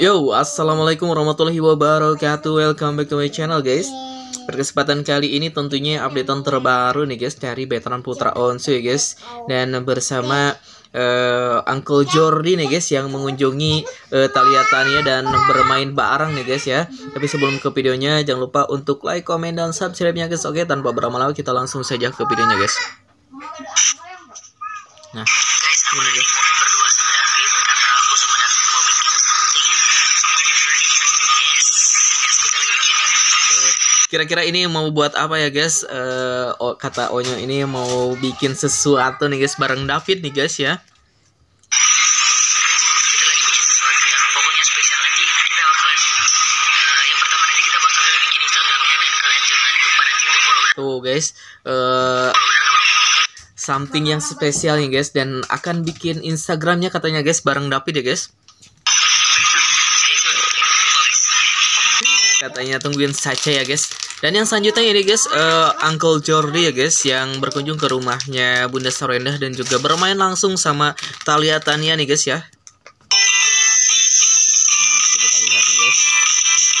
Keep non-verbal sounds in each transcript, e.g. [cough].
Yo, assalamualaikum warahmatullahi wabarakatuh. Welcome back to my channel, guys. Berkesempatan kali ini tentunya updatean terbaru nih, guys, dari Veteran Putra Onsu, ya, guys. Dan bersama uh, Uncle Jordi nih guys yang mengunjungi uh, eh, Talia Tania dan bermain bareng nih guys ya. Tapi sebelum ke videonya jangan lupa untuk like, comment, dan subscribe ya, guys. Oke, tanpa berlama-lama kita langsung saja ke videonya guys. Nah, ini guys. Kira-kira ini mau buat apa ya guys? Uh, kata Onyo ini mau bikin sesuatu nih guys bareng David nih guys ya. Eh, Tuh guys, uh, something yang spesial nih guys dan akan bikin Instagramnya katanya guys bareng David ya guys. katanya tungguin saja ya guys dan yang selanjutnya ini guys uh, Uncle Jordi ya guys yang berkunjung ke rumahnya Bunda Sorendah dan juga bermain langsung sama Talia Tania nih guys ya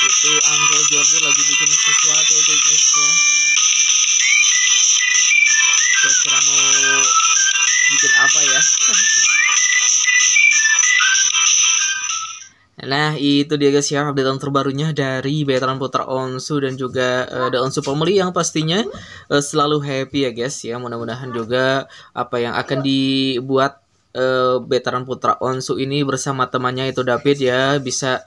itu Uncle Jordi lagi bikin sesuatu tuh guys ya kira-kira mau bikin apa ya [laughs] Nah itu dia guys ya update terbarunya dari veteran putra Onsu dan juga uh, The Onsu Family yang pastinya uh, selalu happy ya guys ya mudah-mudahan juga apa yang akan dibuat uh, veteran putra Onsu ini bersama temannya itu David ya bisa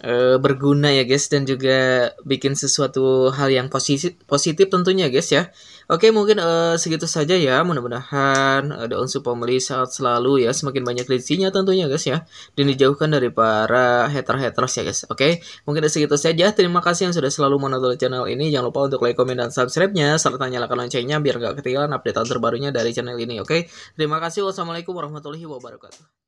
Eh, berguna ya guys dan juga bikin sesuatu hal yang positif positif tentunya guys ya. Oke mungkin uh, segitu saja ya mudah-mudahan ada uh, unsur pembeli saat selalu ya semakin banyak lisinya tentunya guys ya dan dijauhkan dari para hater-haters ya guys. Oke mungkin segitu saja terima kasih yang sudah selalu menonton channel ini jangan lupa untuk like, komen dan subscribe-nya serta nyalakan loncengnya biar gak ketinggalan update terbarunya dari channel ini oke. Terima kasih wassalamualaikum warahmatullahi wabarakatuh.